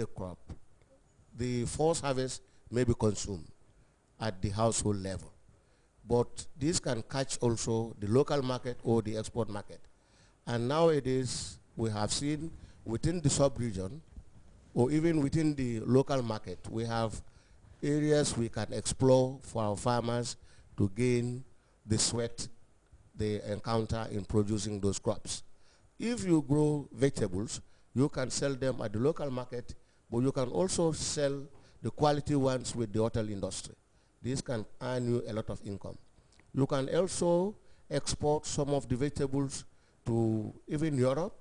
a crop, the first harvest may be consumed at the household level. But this can catch also the local market or the export market. And nowadays, we have seen within the sub-region, or even within the local market, we have areas we can explore for our farmers to gain the sweat they encounter in producing those crops. If you grow vegetables, you can sell them at the local market but you can also sell the quality ones with the hotel industry. This can earn you a lot of income. You can also export some of the vegetables to even Europe.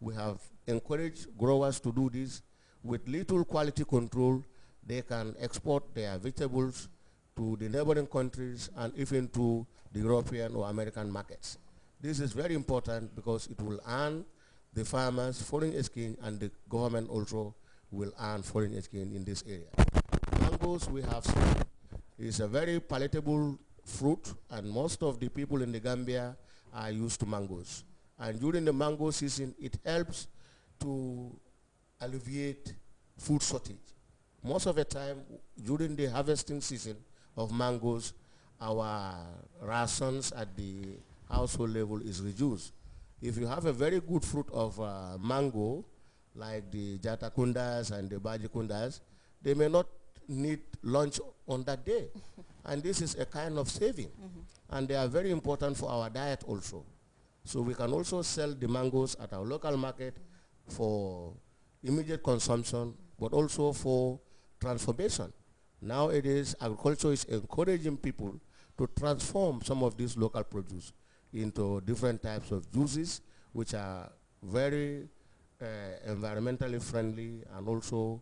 We have encouraged growers to do this. With little quality control, they can export their vegetables to the neighboring countries and even to the European or American markets. This is very important because it will earn the farmers foreign exchange and the government also will earn foreign exchange in this area. Mangoes, we have seen, is a very palatable fruit, and most of the people in the Gambia are used to mangoes. And during the mango season, it helps to alleviate food shortage. Most of the time, during the harvesting season of mangoes, our rations at the household level is reduced. If you have a very good fruit of uh, mango, like the Jatakundas and the Bajikundas, they may not need lunch on that day. and this is a kind of saving. Mm -hmm. And they are very important for our diet also. So we can also sell the mangoes at our local market for immediate consumption, but also for transformation. Nowadays, agriculture is encouraging people to transform some of these local produce into different types of juices, which are very Eh, environmentally friendly and also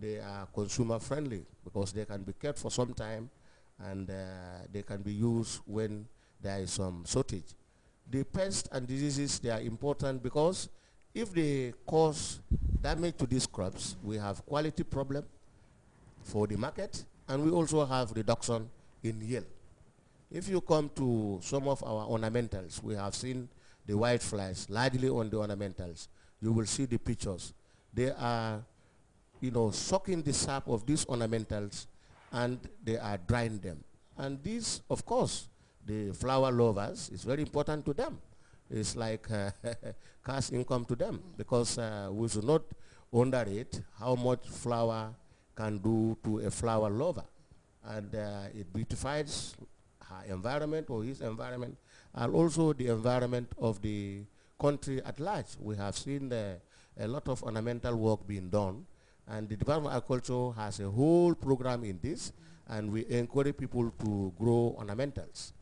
they are consumer friendly because they can be kept for some time and eh, they can be used when there is some shortage. The pests and diseases, they are important because if they cause damage to these crops, we have quality problem for the market, and we also have reduction in yield. If you come to some of our ornamentals, we have seen the whiteflies, largely on the ornamentals you will see the pictures. They are, you know, sucking the sap of these ornamentals and they are drying them. And these, of course, the flower lovers, is very important to them. It's like uh, cash income to them because uh, we should not underrate how much flower can do to a flower lover. And uh, it beautifies her environment or his environment and also the environment of the country at large. We have seen uh, a lot of ornamental work being done, and the Department of Agriculture has a whole program in this, and we encourage people to grow ornamentals.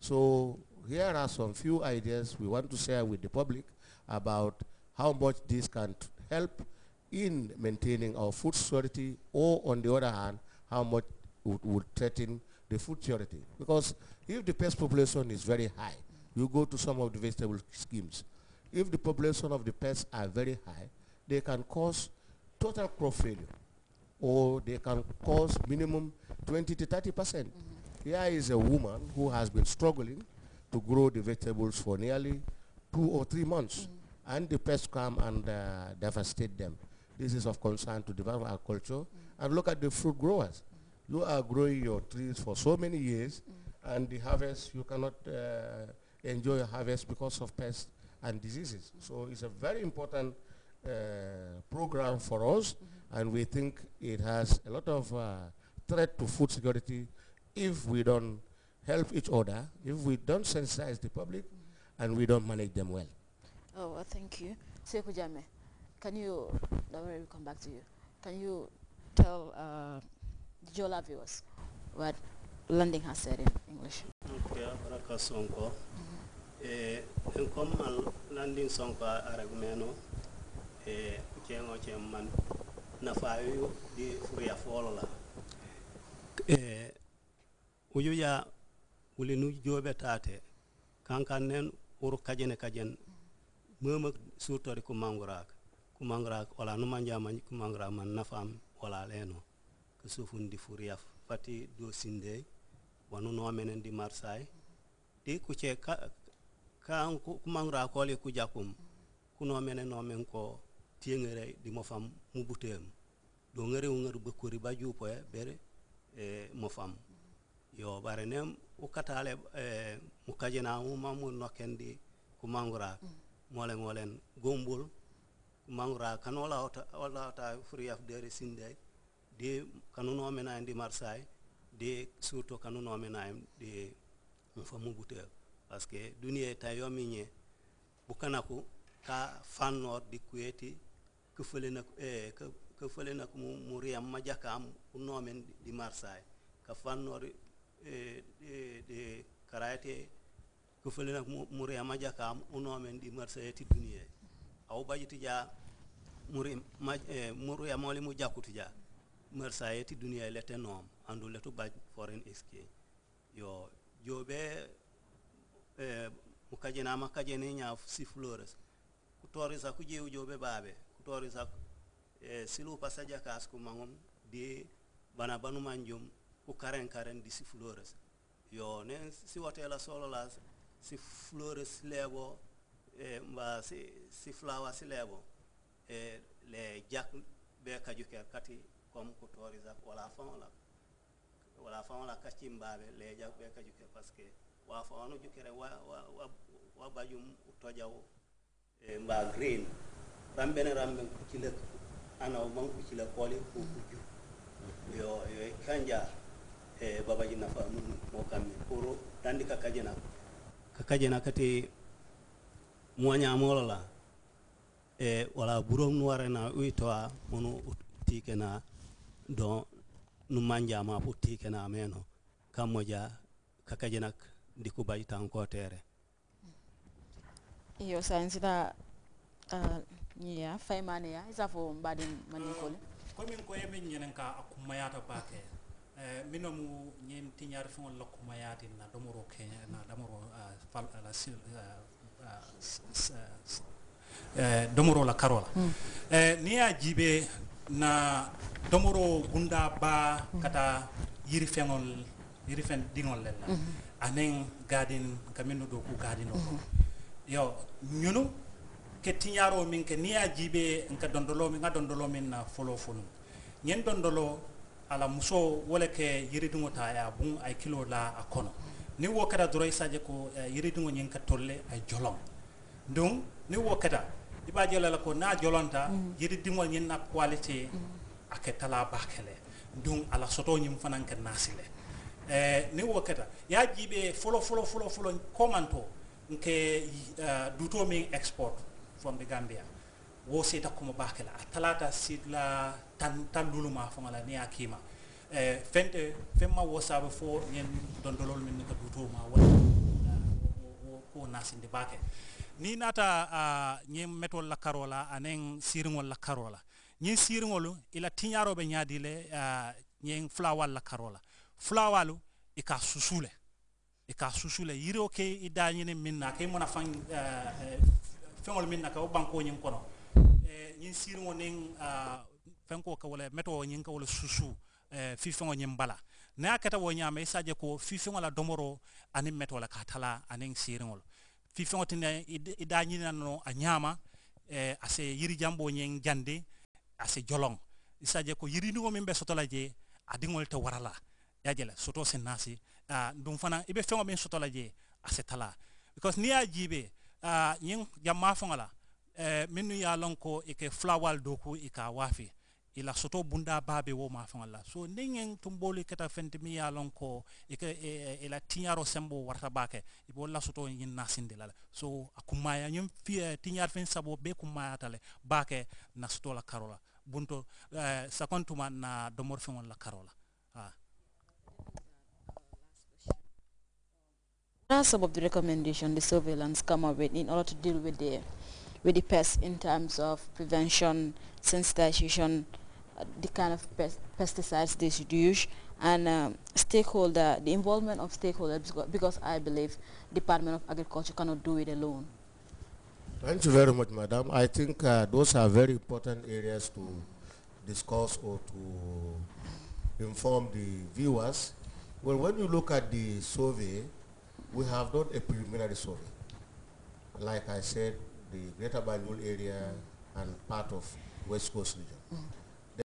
So here are some few ideas we want to share with the public about how much this can help in maintaining our food security, or on the other hand, how much it would threaten the food security. Because if the pest population is very high, you go to some of the vegetable schemes, if the population of the pests are very high, they can cause total crop failure or they can cause minimum 20 to 30 percent. Mm -hmm. Here is a woman who has been struggling to grow the vegetables for nearly two or three months mm -hmm. and the pests come and uh, devastate them. This is of concern to develop our culture. Mm -hmm. And look at the fruit growers. You are growing your trees for so many years and the harvest, you cannot uh, enjoy your harvest because of pests and diseases. So it's a very important uh, program for us, mm -hmm. and we think it has a lot of uh, threat to food security if we don't help each other, if we don't sensitize the public, mm -hmm. and we don't manage them well. Oh, well, thank you. Sekou Jame, can you, don't worry, we'll come back to you. Can you tell uh, the Jola viewers what Landing has said in English? Okay, mm -hmm. e en comme an landin sonko arag meno e ceeŋo ceem man nafayoyo di furya foolo la e eh, ujuya wulinu jooɓe taate kankan nen ur kajene kajen mema surtori ku mangurak ku mangurak wala nu manjama ku mangurak man nafaam wala leno ko sufundi furya fati do sinde wanu no di marsay di ku ce kan kumangra kole ku jakum kuno mene no men ko tiengere di mo fam mu butem do ngere o ngere bakori ba jupo e bere e mo fam yo bare nem u katale e mu kajena mu mamu no kendi kumangra molen molen gombol kan kanola ota ola ota free of dere sinde de kanuno mena ndi marsay de surtout kanuno mena ndi mo fam mu butem dunia duniya tawi bukana bukanaku ka fanno di kuyeti ke felenak e eh, ke, ke felenak mu mu riyam ma jakam men di marsay ka fanno e eh, de, de karate ke felenak mu, mu riyam ma jakam men di marsay ti dunia aw ti ja muri ma e, eh, muru ya mawli mu jakuti ja marsay ti dunia lete nom andu letu baji foreign exchange yo jobe mukajena amakajene ñaafu siflores kutorisa kujewu joɓe baaɓe kutorisa eh, silu pasaja kas ku maŋom di bana banu manjum ku karen karen di flores yo nen solo solola si flores lebo e, eh, mba si, si flawa si lebo e, eh, le jak ɓe kajuker kati comme ku torisa wala fon la wala fon la mbabe le jak be kajuker par parce que wafa wanojukere wabajum tojaw e mba green ramɓene ramɓe kucile ana man kucile koli ko kujju yo yo kanja e babaji nafa mum mo kamɓe pour dandi ka kajena ka kajena kati moñamolo la e wala burom nuwarena uytoa mono tikena don numanja manjama fu tikena meno kammoja kakajena tan ko tere iyo sansita uh, faymane ya isa fo mbaɗin maninkole komin ko yemi ñenen ka a kummayata baake eh, mino ñen ñin tiñaari la kummayatin na domoro ke na domoro eh, eh, la domoro la karola hmm. ni ya jibe na domoro gunda ba hmm. kata yiri feŋol yiri fen anen gadin kamino do ku gadin o mhm. yo ñunu ke tinyaro min ke niya jibe nka dondolo min nga dondolo min na folo folo ñen dondolo ala muso wala ke yiridugo ta ya bun ay kilo la a kono ni wo kata doro isaje ko eh, yiridugo nyen ka tolle ay jolon donc ni wo iba jela la ko na jolonta mhm. yiridimo nyen na qualité mhm. ake tala bakele donc ala soto ñim fanan ke nasile e ni wokkata yajjiɓe folo folo folo folo commanto ke eh, duto min export from de gambia wo seeda komo bakela a talata sila tan tallulma fogala ni a kima e eh, fente fenma wo saabe fo ñen dondolol min ka dutoma wawo nasinde bake ni nata a ñin métol la karola anen siriŋol la karola ñin siriŋol ila tiñaroɓe ñaadile ñin flawal la karola uh, fulawalu i ka susu le eh, i ka susu le yiriwo ke i da dañini min na ke i mona faŋ feŋolu min na ka wo banko ñiŋ kono ñiŋ siiriŋo niŋ fenko ka wala meto ñiŋ ka wala susu fifeŋo ñiŋ bala ne a keta wo ñaama i se je ko fifeŋo la domoro ani meto la ka tala aniŋ siiriŋolu fifeŋo ti ne i da dañinina no a ñaama eh, a se yiri jambo ñiŋ jandi a se joloŋ i e se je ko yiriniŋo miŋ be soto la je a diŋolu te wara la yajela soto sen nasi uh, ah, dun fana ibe fengo min soto laje je a se because ni y'a a ah, nyen ñiŋ jamma faŋo la uh, minnu ye a loŋ ke fulawal doku i ka waafi i soto bunda babe wo ma faŋo la so ningen tumboli tumboolu e keta fenti mi ya lonko loŋ ko i ke i e, e, la tinyaro sembo warta bake ke i la soto nyin nasindi la so a kummaya ñiŋ uh, tiñaar feŋ sabo be kummayata le baa ke na soto la karola bunto uh, eh, sakon na domor feŋol la karola What are some of the recommendations the surveillance come up with in order to deal with the with the pests in terms of prevention, sensitization, uh, the kind of pest pesticides they should use, and um, stakeholder, the involvement of stakeholders, because, because I believe Department of Agriculture cannot do it alone. Thank you very much, madam. I think uh, those are very important areas to discuss or to inform the viewers. Well, when you look at the survey, we have done a preliminary survey. Like I said, the Greater Banjul area and part of West Coast region. Mm.